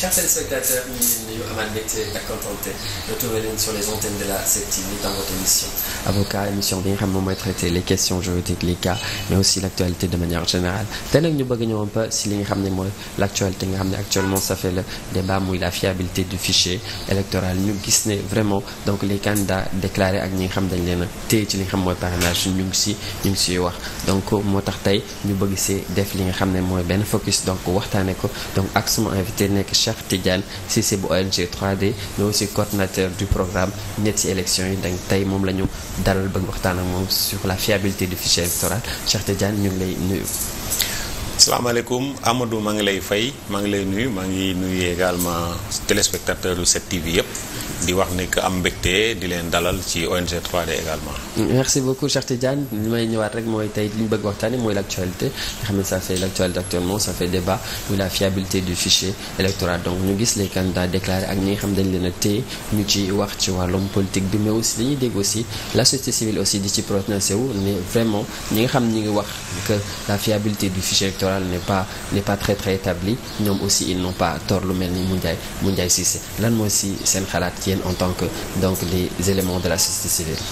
chers téléspectateurs ñu ngi leen nuyu amaat mbégte ak contenté retrouvé leen sur les antennes de la 7 dans votre émission avocat émission bi nga xam moom mooy traité les questions juridiques les cas mais aussi l' actualité de manière générale te nag ñu bëgg ñëw un si li nga xam ne mooy l' actualité nga xam ne actuellement ça fait le débat muy la fiabilité du fichier électoral ñu gis ne vraiment donc les candidats déclarés ak ñi nga xam dañ leen a téye ci li nga xam mooy parrainage ñu ngi si ñu ngi siy wax donc moo tax tey ñu bëgg see def li nga xam ne mooy benn focus donc waxtaane ko Cheikh Tidiane Cissé bu ONG 3D mais coordinateur du programme ñetti élections yi donc tey moom la ñu dalal bëgg waxtaan ak moom sur la fiabilité du fichier électoral Cheikh Tidiane ñu ngi lay nuyu. asalaamaaleykum Amadou maa ngi lay fay maa ngi lay nuyu maa ngi nuyu également téléspectateur yu 7TV yëpp di wax ni am mbégte di leen dalal ci ONG 3D également. merci beaucoup Cheikh Tidiane li may ñëwaat rek mooy tey li ñu bëgg waxtaanee mooy l'actualité nga xam ne la fait l'actualité actuellement ça fait débat muy la fiabilité du fichier électoral donc ñu gis les candidats déclarés ak ñi nga xam dañ leen a téye ñu ci wax ci wàllum politique bi mais aussi dañuy dégg aussi la société aussi di ci prononcé wu ne vraiment ñi nga xam ñi ngi wax que la fiabilité électorale n'est pas n'est pas très très établie ñoom aussi ils n'ont pas tort lu mel ni Moundiaye Moundiaye Cissé lan mooy si seen xalaat yéen en tant que donc les éléments de la société civile.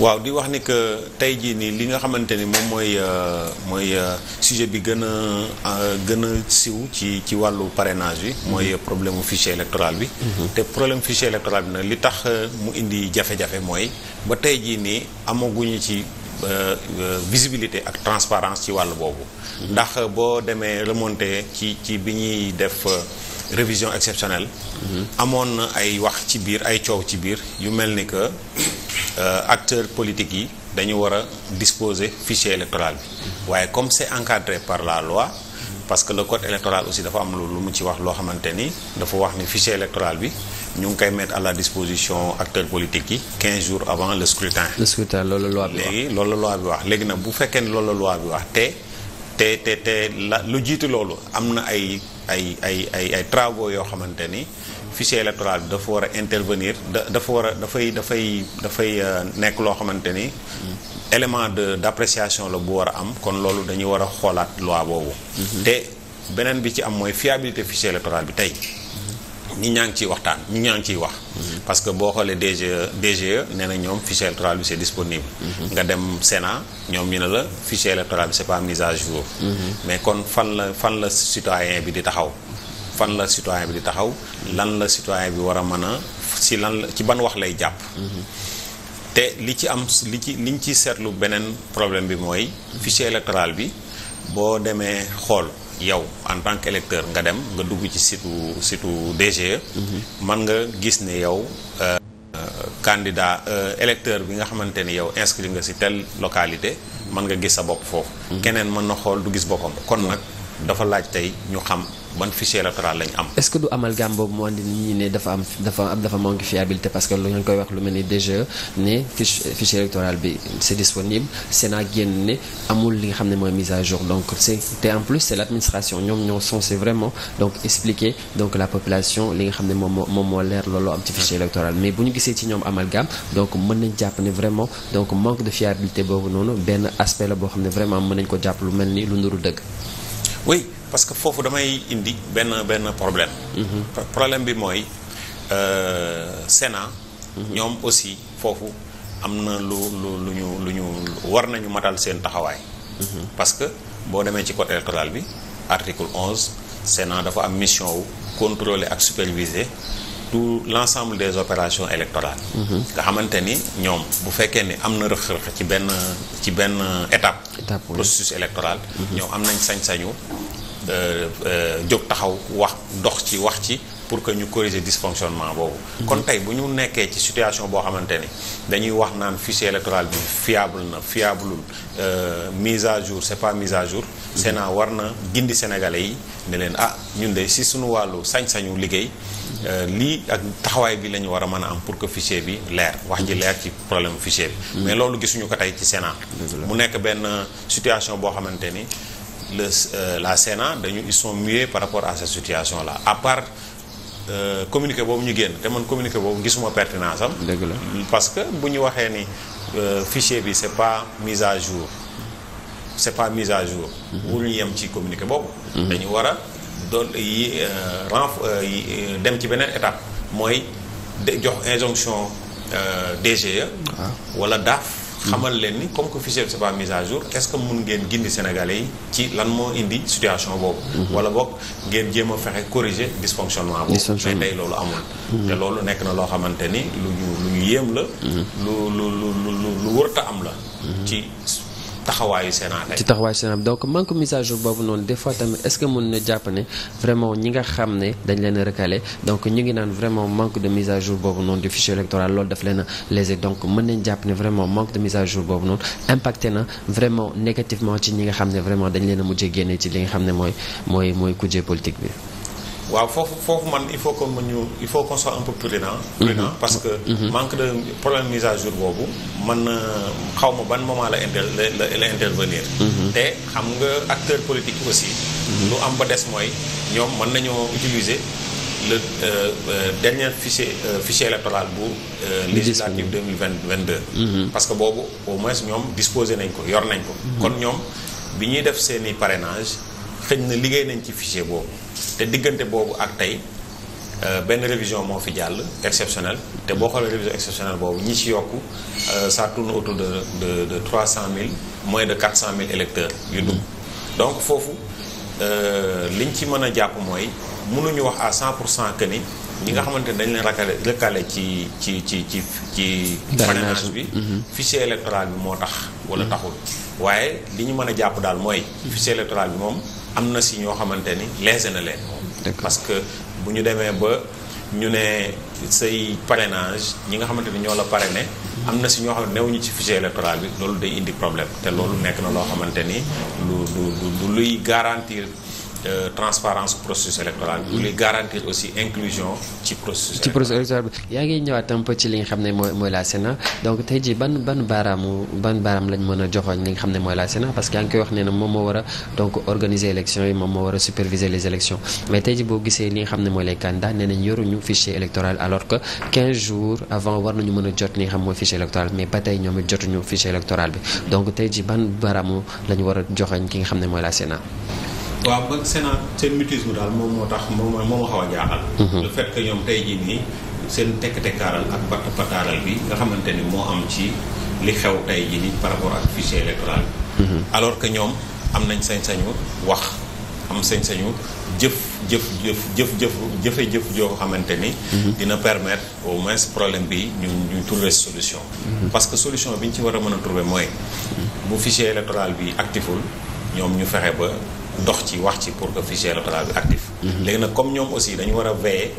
waaw di wax ni que tey jii nii li nga xamante ni moom mooy euh, mooy euh, sujet bi gën a euh, gën a siw ci ci wàllu parenage bi. Mm-hmm. mooy problème mu fichier électoral bi. Mm-hmm. te problème fichier électoral bi nag li tax mu indi jafe-jafe mooy ba tey jii nii amaguñu ci. Euh, euh, visibilité ak transparence ci wàll boobu ndax boo demee remonté ci ci bi ñuy def euh, révision exceptionnelle amoon na ay wax ci biir ay coow ci biir yu mel ni que acteurs politiques yi dañu war a disposer fichier électoral bi waaye comme c'est encadré par la loi parce que le code électoral aussi dafa am lu mu ci wax loo xamante ni dafa wax ni fichier électoral bi ñu ngi koy mettre à la disposition acteurs politiques yi quinze jours avant le scrutin. le scrutin loolu la loi bi wax léegi loolu la loi wax léegi nag bu fekkee ne loolu loi bi wax te te te te la lu jiitu loolu am na ay ay ay ay ay travaux yoo xamante ni fichier électoral bi dafa war a intervenir dafa war a dafay dafay dafay euh, nekk loo xamante ni. élément de d'appréciation la bu war a am kon loolu dañuy war a xoolaat loi boobu. Mhm. te beneen bi ci am mooy fiabilité fichier électoral bi tey. ñu ñaa ngi ciy waxtaan ñu ñaa ngi ciy wax. Mhm. parce que boo xoolee DGE DGE nee na ñoom fichier électoral bi c'est disponible. Mhm. nga dem sena ñoom ñu ne la fichier électoral bi c'est pas mise à jour. Mhm. mais kon fan la fan la citoyen bi di taxaw. fan la citoyen bi di taxaw lan la citoyen bi war a mën a si lan ci ban wax lay jàpp. te li ci am li ci liñ ci seetlu beneen problème bi mooy. fichier électoral bi boo demee xool. yow en tant qu'électeur nga dem nga dugg ci situ situ DGE. man mhm. nga gis ne yow. Euh, candidat euh, électeur bi nga xamante ni yow inscrit nga si telle localité. mën nga gis sa bopp foofu. Mhm. keneen mën na xool du gis boppam kon nag dafa laaj tey ñu xam. ban fichier électoral lañ am. est-ce que du amalgame boobu moo andi nit ñi ne dafa am dafa dafa manque fiabilité parce que lu ngeen koy wax lu mel ni déjà ne fiche électoral bi c'est disponible Sénat génn ne amul li nga xam ne mooy mise à jour donc c'est te en plus c'est l'administration ñoom ñoo censé vraiment donc expliquer donc la population li nga xam ne moom moo moom moo leer looloo am ci fichier électoral bu ñu gisee ci ñoom amalgame donc mën nañ jàpp ne vraiment donc manque de fiabilité boobu noonu benn aspect la boo xam ne vraiment mën nañ ko jàpp mel ni lu nduru dëgg. parce que foofu damay indi benn benn problème. Mhm. problème bi mooy euh, Sénat. Mhm. ñoom aussi foofu am na lu lu lu ñu lu ñu war nañu matal seen taxawaay. Mhm. parce que boo demee ci code électoral bi article onze Sénat dafa am mission wu contrôler ak superviser tout l' ensemble des opérations électorales. nga xamante ni ñoom bu fekkee ni am na rëq-rëq ci benn ci benn étape. processus électoral. ñoom am nañ sañ-sañu. Euh, euh, jóg taxaw wax dox ci wax ci pour que ñu corriger dysfonctionnement boobu. kon tey bu ñu nekkee ci situation boo xamante ni dañuy wax naan fichier électoral bi fiable na fiableul euh, mise à jour c'est pas mise à jour. Sénat war na gindi Sénégalais yi ne leen ah ñun de si suñu wàllu sañ-sañu liggéey. lii ak taxawaay bi la ñu war a mën a am pour que fichier bi leer wax ji leer ci problème fichier bi. mais loolu gisuñu ko tey ci Sénat. mu nekk benn situation boo xamante ni. le euh, la Sénat dañu ils sont muets par rapport a cette situation là à part euh, communiqué boobu ñu génn te man communiqué boobu gisuma pertinence am. dëgg la parce que bu ñu waxee ni euh, fichier bi c'est pas mise à jour c'est pas mise à jour. Mm-hmm. wul ñu yem ci communiqué boobu. Mm-hmm. dañu war a doon yi dem ci beneen étape mooy jox injonction DGE. Ah. wala DAF. xamal leen ni comme que fichier bi c'est pas mis à jour est-ce mun ngeen gindi Sénégalais yi ci lan moo indi situation boobu. Mhm. wala boog ngeen jéem a fexe corriger dysfonctionnement boobu. mais tey loolu amul. Mhm. te loolu nekk na loo xamante ni lu ñu lu ñu yéem la. Mhm. lu lu lu lu lu wërta am la. ci taxawaayu Sénat lay. ci taxawaayu Sénat donc manque message boobu noonu des fois tamit est-ce que mën na jàpp ne vraiment ñi nga xam ne dañ leen a recalé donc ñu ngi naan vraiment manque de mise à jour boobu noonu du fichier électoral loolu daf leen a léser donc mën nañ jàpp ne vraiment manque de mise à jour boobu noonu impacté na vraiment négativement ci ñi nga xam ne vraiment dañ leen mujje mujjee génne ci li nga xam ne mooy mooy mooy kujje politique bi. waaw foofu foofu man il faut que mu ñu il faut qu'on soit un peu prudent. Mhm. prudent parce que. Mhm. Mhm. manque de problème mise à jour boobu man euh, xaw ma ban moment la inter la intervenir. te xam nga acteur politique aussi. lu am ba des mooy ñoom mën nañoo utiliser le euh, euh, dernier fichier fichier électoral bu. législative 2022. parce que boobu au moins ñoom disposé nañ ko yor nañ ko. kon ñoom bi ñuy def seen i parrainage xëñ na liggéey nañ ci fichier boobu. te diggante boobu ak tey euh, benn révision moo fi jàll exceptionnelle te boo xoolee révision exceptionnelle boobu ñi ci yokku euh, ça tourne autour de de de trois cent mille moins de quatre cent mille électeurs yu dugg donc foofu euh, liñ ci mën a jàpp mooy mënuñu wax à cent pour cent que ni. ñi nga xamante ne dañ leen rakale lëkkale ci ci ci ci ci parrainage bi mhm. fichier électoral bi moo tax wala mhm. taxul waaye li ñu mën a jàpp daal mooy fichier électoral bi moom am na si ñoo xamante ni lésé na leen parce que bu ñu demee ba ñu ne say parrainage ñi nga xamante ni ñoo la parrainé mhm. am na si ñoo xam ne newuñu ci fichier électoral bi loolu day indi problème te loolu nekk na loo xamante ni lu lu luy garantir de euh, transparence processus électoral pour lui garantir aussi inclusion ci processus bi yaa ngi ñëwaat un ci li nga xam ne mooy mooy la Sénat donc tey jii ban ban baaraamu ban baaraam lañ mën a joxoon li nga xam ne mooy la Sénat parce que yaa ne moom moo war a donc organiser élection yi a superviser les élections mais tey jii boo gisee li nga ne mooy les candidats nee nañ yoruñu fichier électoral alors que 15 jours avant war nañu a jot li nga xam mooy fichier électoral ba tey ñoom it jotuñu fichier électoral bi donc tey jii ban baaraamu la ñu war a joxoñ ki nga xam ne mooy la Sénat waaw ba Sénat seen mutisme daal moom moo tax moom mooy moo a jaaxal. Mhm. le fait que ñoom tey jii nii seen tekk-tekkaaral ak patt pataaral bi nga xamante ni moo am ci li xew tey ji nii par rapport ak fichier électoral bi. Mhm. alors que ñoom am nañ sañ-sañu wax am sañ-sañu jëf jëf jëf jëf jëf jëfe-jëf joo xamante ni. Mhm. dina permettre au moins problème bi ñu ñu trouver solution. parce que solution bi ñu ci war a mën a trouver mooy. bu fichier électoral bi actiful ñoom ñu fexe ba. dox ci wax ci pour que fichier électoral bi actif mhm. léegi nag comme ñoom aussi dañu war a veiller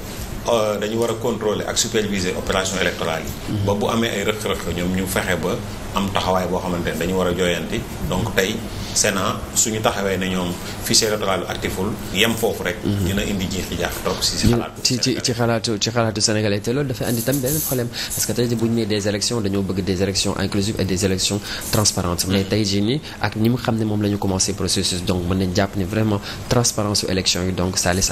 Euh, dañu war a contrôler ak superviser opération électorale yi. ba amee ay rëq-rëq ñoom ñu fexe ba am taxawaay boo xamante ne dañu war a jooyanti. donc tey Sénat suñu taxawee ne ñoom fichier électoral actiful yem foofu rek. Mhm. dina indi jiixi jaax trop si si xalaatu. ci ci ci xalaatu ci xalaatu sénégalais te loolu dafay andi tam benn problème parce que tey jii bu ñu nee des élections dañoo bëgg des élections inclusives et des élections transparentes mhm. mais tey jii nii ak ni mu xam ne moom la ñu commencé processus donc mën nañ jàpp ni vraiment transparence su élections yi donc ça laisse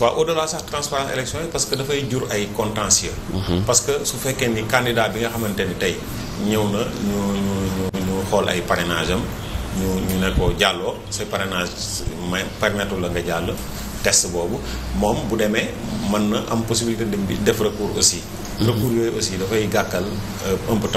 waaw au-delà sax transparence élection yi parce que dafay jur ay contentieux. Mhm. parce que su fekkee ni candidat bi nga xamante ni tey ñëw na ñu ñu ñu ñu xool ay parrainage am ñu ñu ne jàlloo sa parrainage may permettre la nga jàll test boobu moom bu demee mën na am possibilité dem bi def recours aussi. recours yooyu aussi dafay gàkkal euh, un peu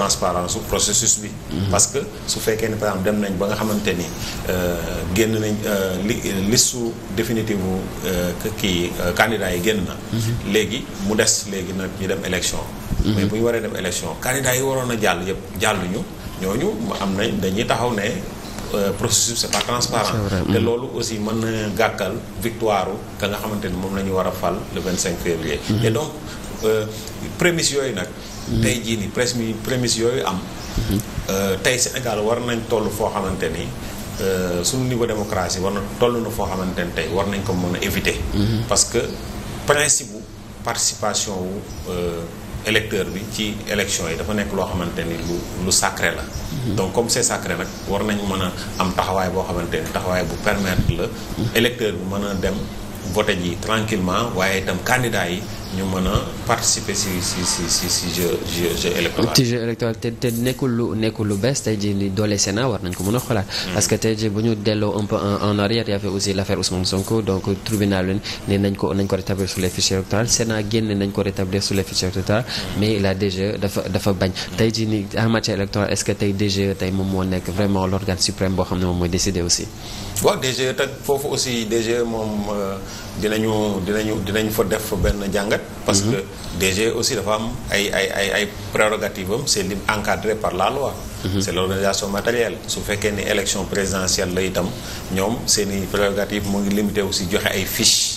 su processus bi. Mhm. parce que su fekkee ne par dem nañ ba nga xamante ni euh, génn nañ euh, li liste définitive bu kii candidat yi génn na. Mhm. léegi mu des léegi nag ñu dem élection. Mhm. mais bu ñu waree dem élection candidat yi waroon a jàll yëpp jàlluñu ñooñu am nañ dañuy taxaw ne processus c'est pas transparent te loolu aussi mën na gàkkal victoire ka nga xamante ni moom la ñu war a fal le vingt cinq février et donc Euh, prémices yooyu nag. Mm-hmm. tey jii nii presse mi yooyu am. Mm-hmm. Euh, tey Sénégal war nañ toll foo xamante ni. Euh, suñu niveau démocratie war na toll na foo xamante ne tey war nañ ko mën a éviter. Mm-hmm. parce que principe bu participation wu électeur bi ci élection yi dafa nekk loo xamante ni lu lu sacré la. donc comme c'est sacré nag war nañ mën a am taxawaay boo xamante ni taxawaay bu permettre la. électeur bi mën a dem voter ji tranquillement waaye itam candidat yi. ñu mën a participer si si si si si jeu nañ ko mën a xalaat. Mm. parce que tey nañ ko rétablir sur les fichiers électoraux Sénat nañ ko rétablir sur les fichiers électoraux mm. mais la DGE dafa dafa bañ. Mm. tey jii nii en matière est ce que e tey moom moo nekk vraiment l' organe boo xam ne moom mooy décider aussi. waaw DGE teg foofu aussi DGE moom. Euh, dinañu dinañu dinañ fa def benn jàngat. parce mhm. que DG aussi dafa am ay ay ay ay prérogatives am c' est li encadré par la loi. Mhm. c' est l' organisation su fekkee ni élection présidentielle la itam ñoom seen i prérogatives mu ngi limité aussi joxe ay fiches.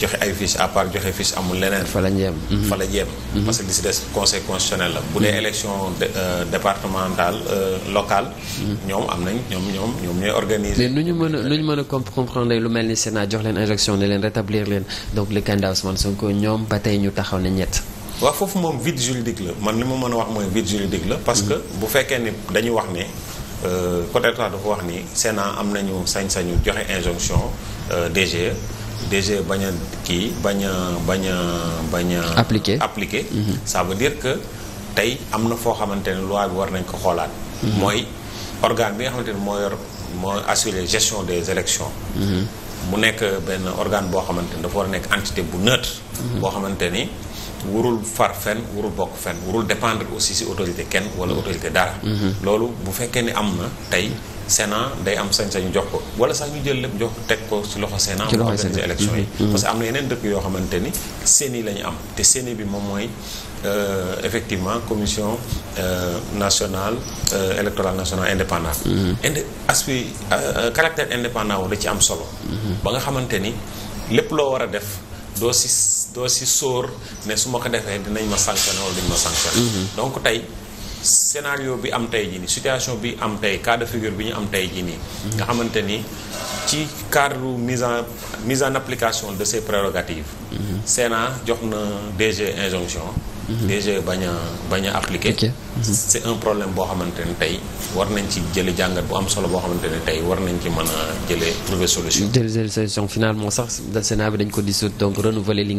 joxe ay fiches à joxe fiche amul leneen. fa la jéem fa la jéem. Mhm. parce que li si des conseil constitutionnel la. bu dee mhm. élection euh, départementale euh, locale. Mhm. ñoom am nañ ñoom ñoom ñoom ñooy organiser. mais nu ñu mën a ñu mën a comprendre lu mel ni Sénat jox leen injonction ne leen rétablir leen donc le candidat Ousmane ko ñoom ba tey ñu taxaw na ñett. waaw foofu moom vide juridique la man li ma mën a wax mooy vide juridique la. parce que bu fekkee ni dañu wax ne. Euh, côté état dafa wax ni Sénat am nañu sañ-sañu joxe injonction DGE. DG bañ a kii bañ a bañ a bañ a appliqué appliqué mhm. ça veut dire que tey am na foo xamante ne loi bi war nañ ko xoolaat mhm. mooy organe bi nga xamante ne moo yor moo assurer gestion des élections mhm. mu nekk benn organe boo xamante ni dafa a nekk entité bu net boo xamante ni wurul far fenn wurul bokk fen wurul dépendre aussi ci autorité kenn wala autorité dara loolu bu fekkee ni am na tey Sénat day am sañ-sañu jox ko wala sax ñu jël lépp jox teg ko ci loxo Sénat mu organiser élection yi mhm. parce am na yeneen yoo xamante ni Séni la ñu am te Séni bi moom mooy euh, effectivement commission euh, nationale euh, électorale nationale indépendante mhm. ind aspect caractère indépendant wu da ci am solo mhm. ba nga xamante ni lépp loo war a def doo si soor si ne su ma ko defee dinañ ma sanctionné wala duñ ma sanctionné donc tey scénario bi am tey jii nii situation bi am tey cas figure bi ñu am tey jii nii. nga xamante ni ci cadre mise en mise en application de ses prérogatives. Mhm. Sénat jox na DG injonction. Mhm. DG bañ a bañ a appliqué. c'est un problème boo xamante ne tey war nañ ci jële jàngat bu am solo boo xamante ne tey war nañ ci mën a jële trouver solution jële solution finalement sax Sénat donc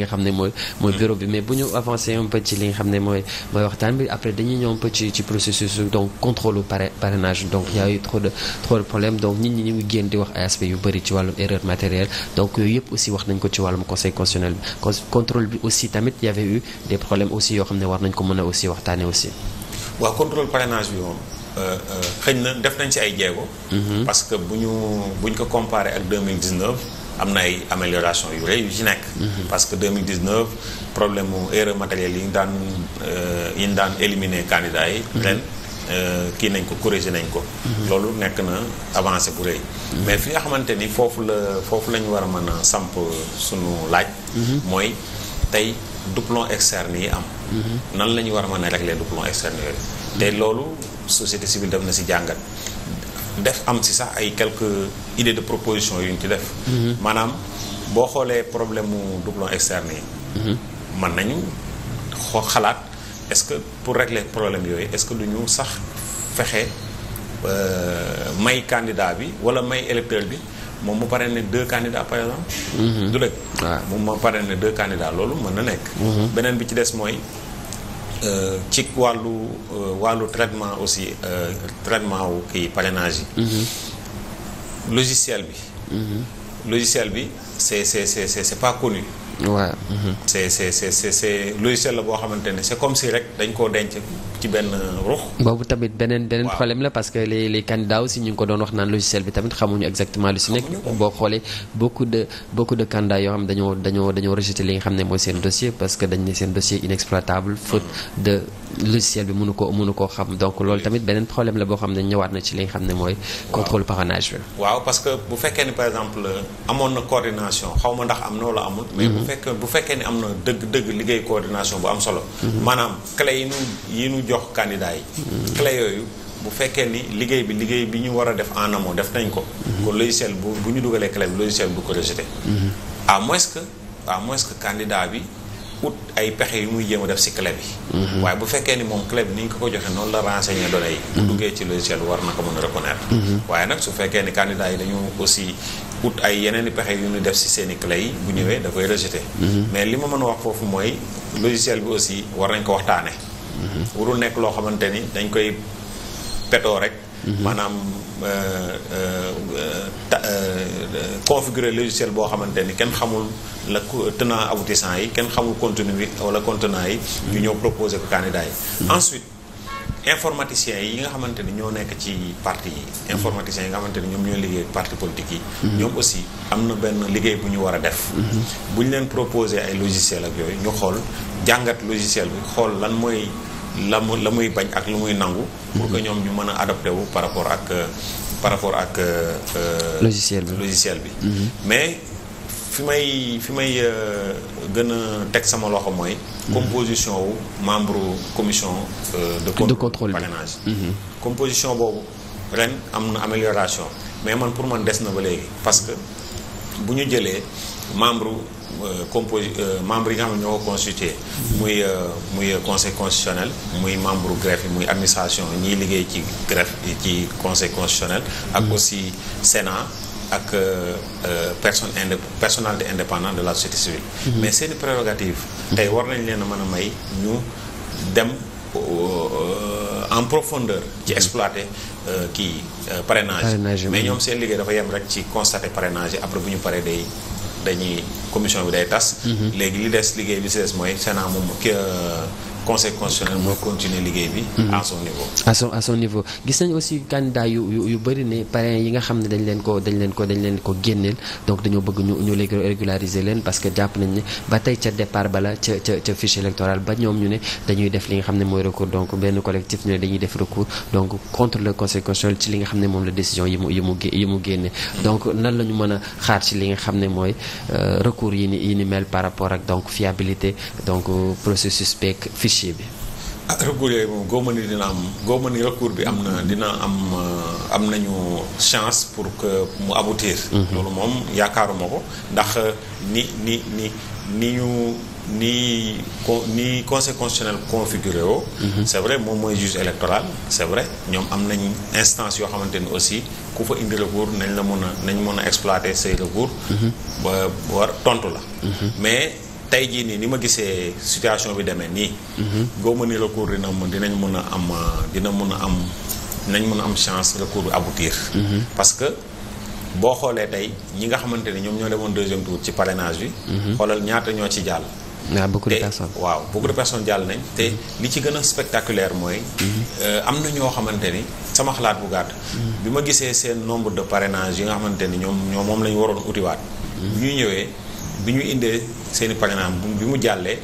xam ne mooy mooy bureau bi mais bu ñu avancé ne mooy mooy waxtaan bi après dañuy ñëw un peu ci ci a eu trop de trop de problèmes donc nit ñi ñu ngi génn di wax ay aspects yu bëri ci wàllum erreur matérielle donc yooyu yëpp aussi wax nañ ko ci wàllum conseil constitutionnel bi contrôle bi aussi tamit y avait eu des aussi yoo xam ne war nañ ko mën a aussi waxtaane aussi waaw contrôle parrainage bi moom euh, euh, xëy na def nañ ci ay jéego. Mm-hmm. parce que bu ñu bu ko comparé ak 2019 am na ay amélioration yu rëy yu ci nekk. Mm-hmm. parce que 2019 problème mu erreur matériel yi ñu daan euh, yi ñu daan éliminer candidats yi. Mm-hmm. ren kii nañ ko corrigé nañ ko. loolu nekk na avancé bu rëy. mais fi nga xamante ni foofu la foofu la ñu war a mën a samp suñu laaj. mooy tey. doublon externe yi am. Mhm. nan la ñu war ma ne a régler doublon externe yooyu. Mhm. te loolu société civile def na si jàngat. def am si sax ay quelques idée de proposition yu ñu ci def. Mhm. maanaam boo xoolee problème mu doublon externe yi. mën nañu xoo xalaat est-ce que pour régler problème yooyu est-ce que du ñu sax fexe euh, may candidat bi walla may électeur bi. moom mu parrainé deux candidats par exemple. Mm-hmm. du dëkk. waaw moom ma parrainé deux candidats loolu mën na nekk. Mm-hmm. beneen bi ci des mooy euh, ci wàllu euh, wàllu traitement aussi euh, traitement wu kii parrainage yi. Mm-hmm. logiciel bi. logiciel bi c'est c'est c'est pas connu. waaw. c'est c'est c'est c'est logiciel la boo xamante ne c'est comme si rek dañ koo denc ci benn ruux. boobu tamit beneen problème la parce que les les candidats aussi ñu ngi ko doon wax naan logiciel bi tamit xamuñu exactement lu si nekk. boo xam ne mooy seen dossier parce que dañ ne seen dossier inexploitable faute de logiciel bi mënu ko mënu koo xam donc loolu tamit beneen problème la boo xam ne ñëwaat na ci li nga xam ne mooy. contrôle parrainage bi. waaw parce que bu fekkee ni par exemple euh, amoon na coordination xaw ma ndax am na fekk bu fekkee ne am na dëgg-dëgg liggéey coordination bu am solo. Mhm. maanaam clé yi nu yi nu jox candidat yi. Mhm. clé yooyu bu fekkee ni liggéey bi liggéey bi ñu war a def en amont def nañ ko. Mhm. kon logiciel bu bu ñu dugalee clé bi logiciel bu ko rejeté. à moins que à moins que candidat bi. ut ay pexe yu muy jéem a def si clé bi waaye bu fekkee ni moom clé bi ni ñu ko ko joxe noonu la renseigner données yi bu duggee ci logiciel war na ko mën a reconnaître waaye nag su fekkee ni candidat yi dañu aussi ut ay yeneen i pexe yu ñu def si seeni i clé yi bu ñëwee da koy rejeté. Mhm. mais li ma mën a wax foofu mooy logiciel bi aussi war nañ ko waxtaane mhm. warul nekk loo xamante ni dañ koy petoo rek. Mhm. maanaam euh, euh, euh, configurer logiciel boo xamante ni kenn xamul la tenant aboutissant yi kenn xamul contenu bi wala contenant yi. ñu ñëw proposer ko candidat ensuite informaticiens yi nga xamante ni ñoo nekk ci parti yi informaticiens yi nga xamante ni ñoom ñoo liggéey parti politique yi mhm. ñoom aussi am na benn liggéey bu ñu war a def mhm. bu ñu leen proposé ay logiciel ak yooyu ñu xool jàngat logiciel bi xool lan mooy la mu la muy bañ ak lu muy nangu pour que mhm. ñoom ñu mën a adopté wu par rapport ak par rapport ak euh, euh, logiciel bi logiciel bi mais fi may fi may euh, gën a teg sama loxo mooy. composition wu membre commission. Euh, de contrôle parrainage mhm. composition boobu ren am na amélioration mais man pour man des na ba léegi parce que bu ñu jëlee membre euh, compo membre yi nga xam ne ñoo ko muy muy conseil muy membre greffe muy administration ñuy liggéey ci greffe ci conseil constitutionnel. ak mhm. aussi Sénat. ak euh, euh, personne inde personnalité indépendante de la société civile. Mhm. mais seeni prérogative tey war nañ leen man a may ñu dem euh, en profondeur ci mhm. exploiter kii parrainage mais ñoom seen liggéey dafa yem rek ci constater parrainage après bu ñu paree day dañuy commission bi day tas mhm. léegi li des liggéey bi si des moom conseil constitutionnel mooy continuer liggéey bi. Mhm. à son niveau. à yi nga xam ne dañ leen ko dañ leen ko dañ leen ko génneel donc dañoo bëgg ñu ñu régulariser leen parce que jàpp nañ ne ba tey ca départ bala ca ca ca fiche électorale ne dañuy def li nga xam ne mooy recours donc benn collectif ñu ne dañuy def recours donc contre le conseil ci li nga xam ne moom la décision yi mu yi mu yi mu donc nan la ñu mën a xaar ci li nga xam ne mooy euh, recours yi ni yi mel par rapport ak donc fiabilité donc euh, processus beeg dossier bi. ah recours yooyu moom dina am góob ma ni recours bi am na dina am euh, am nañu chance pour que mu aboutir. Mhm. loolu moom yaakaaruma ko ndax euh, ni ni ni ni ñu. ni con ni conseil constitutionnel configuré woo. Mm -hmm. vrai moom mooy juge électoral c' est vrai ñoom am nañ instance yoo xamante ni aussi ku fa indi recours nañ la mën a nañ mën a exploiter say recours. Mhm. tontu la. Mhm. mais tey jii nii ni ma gisee situation bi demee nii. góob mhm. ni recours dina mën dinañ mën a am dina mun a am dinañ mën a am chance recours bi aboutir. Mhm. parce que boo xoolee tey ñi nga xamante ne ñoom ñoo demoon deuxième tour ci parrainage bi. Mhm. xoolal ñaata ñoo ci jàll. waaw beaucoup de personnes waaw beaucoup de personnes jàll nañ te li ci gën a spectaculaire mooy. Euh, am na ñoo xamante ni sama xalaat bu gàtt. bi ma gisee seen nombre de parrainage yi nga xamante ni ñoom ñoom moom la ñu waroon utiwaat. bu ñëwee. bi ñu indee seen i parrainage bi mu jàllee.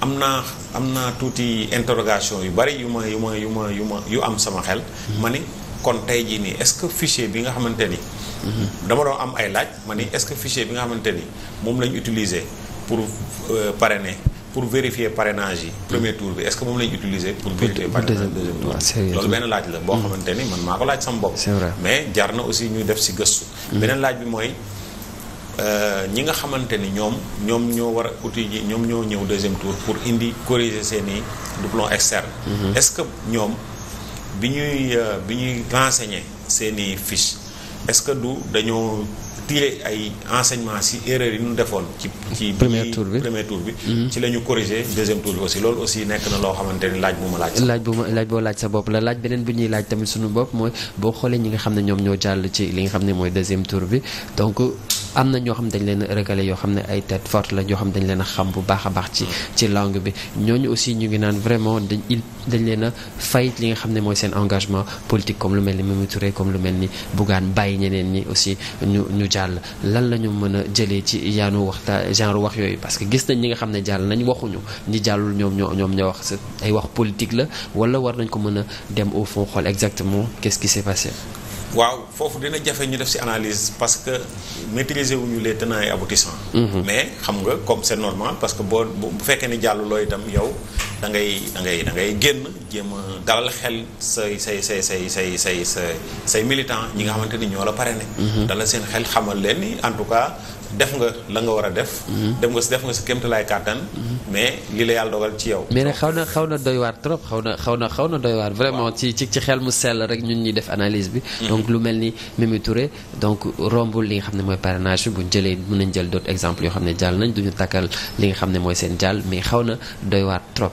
am naa am naa tuuti interrogation yu bari yu ma yu ma yu ma yu ma yu am sama xel. ma ni kon tey jii nii est-ce que fichier bi nga xamante ni. dama doon am ay laaj ma ni est-ce que fichier bi nga xamante ni moom lañ utiliser pour euh, parrainer. pour vérifier parrainage yi. premier tour bi est-ce que moom lañu utiliser. pour vérifier parrainage deuxième tour loolu benn laaj la boo mm. xamante ni man maa ko laaj sama bopp. mais jar na aussi ñu def si gëstu. Mm. beneen laaj bi mooy. Euh, ñi nga xamante ni ñoom ñoom ñoo war a ñoom ñoo ñëw deuxième tour pour indi corriger seeni doublon externe mhm. est-ce que ñoom bi ñuy euh, bi ñuy renseigner seeni fiche est-ce que du dañoo tirer ay enseignement ci erreur yi ñu defoon ci ci premier tour bi tour bi mhm. ci la ñu corriger deuxième tour bi loolu aussi nekk na loo xamante ni laaj bu ma laaj laaj bu ma laaj boo laaj sa bopp la laaj beneen bu ñuy laaj tamit suñu bopp mooy boo xoolee ñi nga xam ne ñoom ñoo jàll ci li nga xam ne mooy deuxième tour bi am na ñoo xam dañ leen a yoo xam ne ay tête forte la ñoo xam dañ leen xam bu baax baax ci ci langue bi ñooñu aussi ñu ngi naan vraiment dañ dañ leen a fay li nga xam ne mooy seen engagement politique comme lu mel ni Mimi Touré comme lu mel ni Bougane bàyyi ñeneen ni aussi ñu ñu jàll lan la ñu mën a jëlee ci yaanu waxta genre wax yooyu parce que gis nañ ñi nga xam ne jàll nañ waxuñu ñi jàllul ñoom ñoo ñoom ñoo wax ay wax politique la wala war nañ ko mën a dem au fond xool exactement qu'est-ce qui waaw foofu dina jafe ñu def ci analyse parce que maîtriser wuñu les tenants et aboutissants mhm. mais xam nga comme c'est normal parce que boo bu fekkee ni jàll loo itam yow da ngay da ngay da ngay génn jéem a dalal xel say say say say say say say say militants ñi nga xamante ni ñoo la parrainé. Mhm. dalal seen xel xamal leen ni en tout cas def nga la nga war a def. Mhm. def nga si def nga si kéemtalaay kàttan. Mhm. mais li la yàlla dogal ci yow. mais nag xaw na xaw na doy waar xaw na xaw na xaw na doy waar. vraiment ci ci ci xel mu sell rek ñu ñuy def analyse bi. Mhm. donc lu mel ni Mimi Touré donc rombul li nga xam ne mooy parrainage bi bu ñu jëlee mën nañ jël d'autres exemples yoo xam ne jàll nañ duñu takkal li nga xam ne mooy seen jàll mais xaw na doy trop.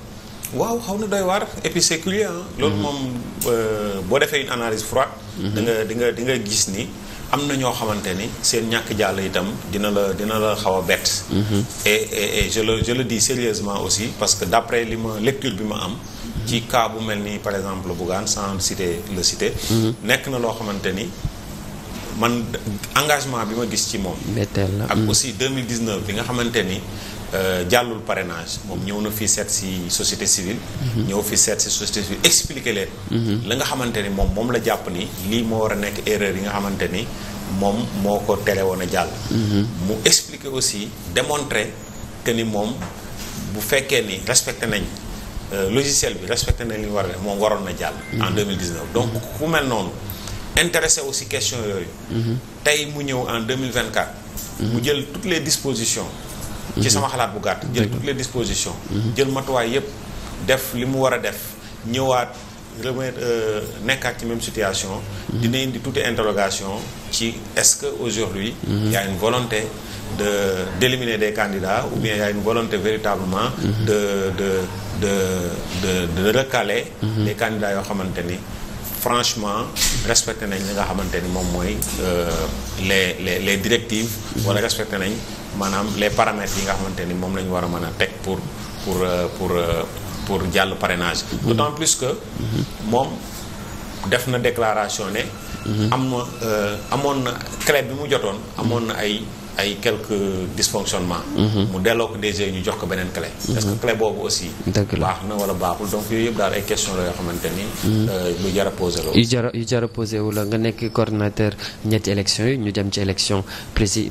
waaw xaw na doy waar et puis c'est loolu moom euh, boo defee une analyse froide. di nga di nga gis am na ñoo xamante ni seen ñàkk jàll itam dina la dina la xaw a bett. Mhm. et et je le je le dis sérieusement aussi parce que d'après li ma lecture bi ma am. ci cas bu mel ni par exemple Bougane sans citer le citer. Mhm. nekk na loo xamante ni man engagement bi ma gis ci moom. ak mhm. aussi 2019 bi nga xamante ni. Euh, jàllul parrainage moom ñëw na fi seet si société civile. Mhm. ñëw fi seet si société civile expliquer leen. Mhm. la nga xamante ni moom moom la jàpp ni lii moo war a nekk erreur yi nga xamante ni moom moo ko tere woon a jàll. Mhm. mu expliquer aussi démontrer que ni moom bu fekkee ni respecte nañ. Euh, logiciel bi respecté na li war a def moom waroon na jàll. en 2019 donc ku mel noonu intéressé aussi question yooyu. tey mu ñëw en 2024. mu jël toutes les dispositions. ci sama xalaat bu gàtt jël toutes les dispositions mhm. jël matuwaay yépp def li mu war a def ñëwaat remettre euh, nekkaat ci même situation mhm. dina indi toute interrogation ci est-ce que aujourd'hui il mhm. y a une volonté de d'éliminer des candidats ou bien il une volonté véritablement de de de de de recaler yoo xamante ni franchement respecté nañ li nga xamante ni moom mooy euh, les les les directives wala respecté nañ maanaam les paramètres yi nga xamante ni moom la ñu war a mën a teg pour pour euh, pour euh, pour jàll parrainage. Mhm. d'autant plus que mhm. moom def na déclaration ne. Mhm. am na euh, amoon na clé bi mu jotoon amoon na ay. ay quelques dysfonctionnements. Mhm. mu delloo ko DG ñu jox ko beneen clé. Mhm. est-ce que clé boobu aussi. baax na wala baaxul donc yooyu yëpp daal ay questions la yoo xamante ni. lu mhm. euh, jar a la. yu jar yu posé wu nga nekk coordonnateur ñetti élections yi ñu dem ci élection prési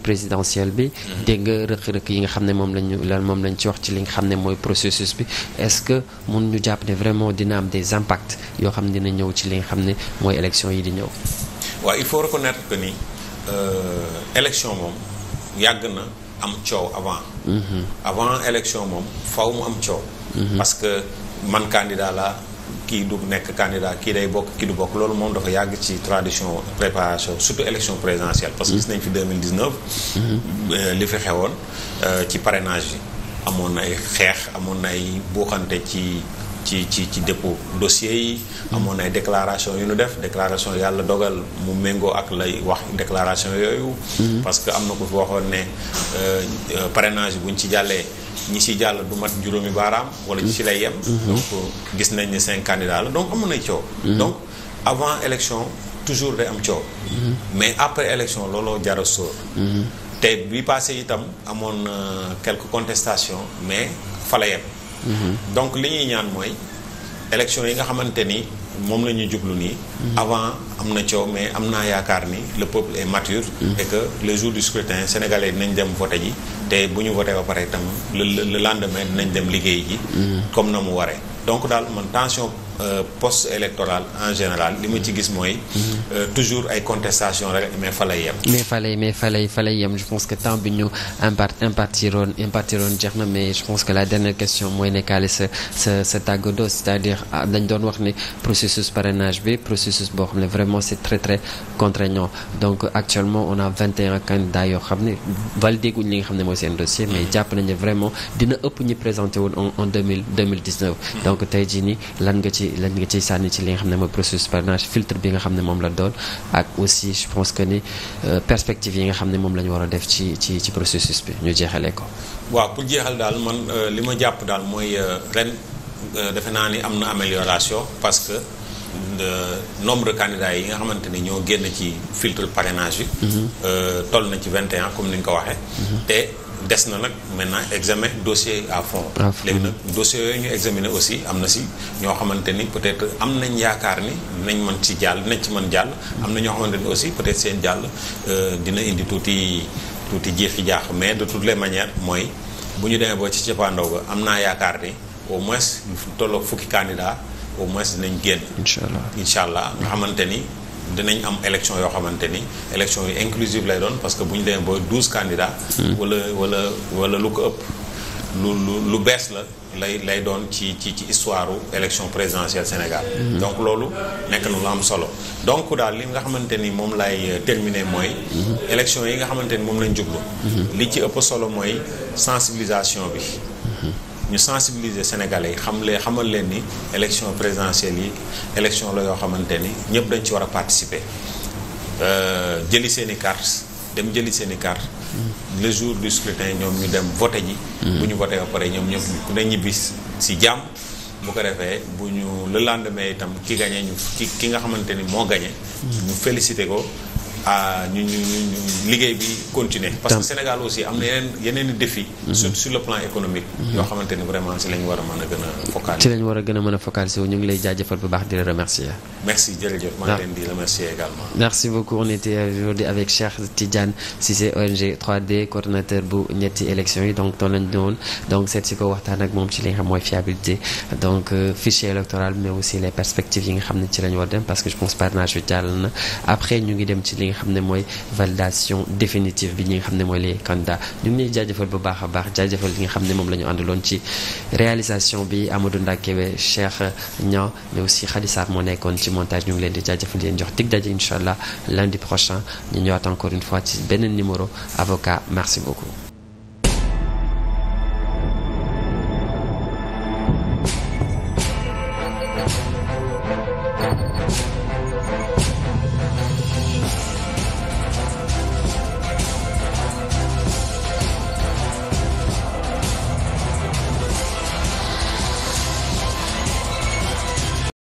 bi. dégg nga rëq-rëq yi nga xam ne moom lañ ñu lan moom lañ ci wax ci li nga xam ne mooy processus bi est-ce que mun ñu jàpp ne vraiment dina am des impacts yoo xam ne dina ñëw ci li nga xam ne mooy élection yi di ñëw. waaw il faut reconnaître que ni euh, élection moom. yàgg na am coow avant. Mhm. avant élection moom faw mu am coow. Mhm. parce que man candidat la kii du nekk candidat kii day bokk kii du bokk loolu moom dafa yàgg ci tradition préparation surtout élection présidentielle. parce que gis nañ fi 2019. Mhm. Euh, li fi xewoon euh, ci parrainage yi amoon na ay xeex amoon na ay buuxante ci. ci ci ci dépôt dossier yi amoon ay déclaration yu nu def déclaration yàlla dogal mu méngoo ak lay wax déclaration yooyu mhm. parce que am na ko fi waxoon ne euh, euh, bu buñ ci jàllee ñi si jàll du mat juróomi baaraam wala ñi si lay yem mhm. Mhm. donc gis nañ ne cinq candidats la donc amoon ay coow donc avant élection toujours day am coow mais après élection looloo jara sóor te bi passé itam amoon euh, quelque contestation mais fa la yem donc li ñuy ñaan mooy élection yi nga xamante ni moom la ñuy jublu nii. avant am na coow mais am naa yaakaar ni le peuple est mature. et que le jour du scrutin sénégalais dinañ dem voté ji te bu ñu voté ba pare itam le le lendemain dinañ dem liggéey ji. Mm-hmm. comme na mu waree donc daal man tension. Euh, post électoral en général li ma ci gis mooy. Mhm. Euh, toujours ay contestation rek mais fa lay yem. mais fa lay mais fa lay fa lay yem je pense que temps bi ñu impar impartiroon impartiroon jeex na mais je pense que la dernière question mooy nekkaale sa sa sa tàggatoo c'est-à-dire ah, dañ doon wax ne processus parrainage bi processus boo xam ne vraiment c'est très très contraignant donc actuellement on a 21 candidats yoo xam ne validé guñ li nga xam ne mooy seen dossier mais mhm. jàpp nañ ci lan nga ciy sànni ci li nga xam ne mooy processus parrainage filtre bi nga xam ne moom la doon ak aussi je pense que ni euh, perspective yi nga xam ne moom la war a def ci ci ci processus bi ñu jeexalee ko. waaw pour jeexal daal man euh, li ma jàpp daal mooy euh, ren defe naa ni am na amélioration parce que. nombre de candidats yi nga xamante ni ñoo génn ci filtre parrainage bi. Mm-hmm. toll na ci 21 comme ni nga ko waxee. Mm-hmm. des na nag maintenant examen dossier à fond. léegi nag dossiers yooyu ñu examiner aussi am na si ñoo xamante ni peut-être am nañ yaakaar ni nañ mën ci jàll nañ ci man jàll. am na ñoo xamante ni aussi peut-être seen jàll euh, dina indi tuuti tuuti yi jaax mais de toutes les manières mooy bu ñu demee ba ci cappaandaw ga am naa yaakaar ni au moins tolloog fukki candidat au moins nañ génn. incha allah incha allah nga xamante ni. dinañ am élection yoo xamante ni élection yu inclusive lay doon parce que bu ñu demee ba douze candidats. Hmm. wala wala wala lu ko ëpp. lu lu lu bees la lay lay doon ci ci ci histoire élection présidentielle Sénégal. Hmm. donc loolu nekk na lu am solo. donc daal li nga xamante ni moom lay terminer mooy. Hmm. élection yi nga xamante ni moom lañ jublu. li ci ëpp solo mooy sensibilisation bi. ñu sensibiliser sénégalais yi xam leen xamal leen ni élection présidentielle yi élection la yoo xamante ni ñëpp dañ ci war a participer euh, jëli seen i carte dem jëli seen i carte mm. le jour du ñoom ñu dem voté ji mm. bu ñu voté ba pare ñoom ñëpp ku ne ñibbi si jàmm bu ko defee bu ñu le lendemain itam ki gagné ñu ki ki nga xamante ni moo gañe mm. ñu félicité ko ah ñu ñu ñu liggéey bi continuer parce que Sénégal am na yeneen yeneen i défis. Mhm. sur le plan économique. Mhm. yoo xamante ni vraiment si lañ war a mën a gën a focaliser. ci lañ war a gën a mën a focaliser ñu ngi lay jaajëfal bu baax di la remercier. merci jërëjëf maa ngi leen di remercier également. merci beaucoup on était aujourd'hui avec Cheikh d coordonnateur bu ñetti élection yi donc doon lañ doon donc seet si ko waxtaan ak moom ci li nga xam mooy fiabilité donc euh, fichier électoral mais aussi les perspectives yi nga xam ne ci lañ war dem parce que je ñu ngi dem ci li xam ne mooy validation définitive bi ñi nga xam ne mooy les candidats ñu ngi lay jaajëfal bu baax a baax jaajëfal li nga xam ne moom la ñu àndaloon ci réalisation bi Amadou Ndakebe Cheikh Niang mais aussi Khady Sarr moo nekkoon ci montage ñu ngi leen di jaajëfal leen jox dig daje incha allah lundi prochain ñu ñëwaat encore une fois ci beneen numéro avocat merci beaucoup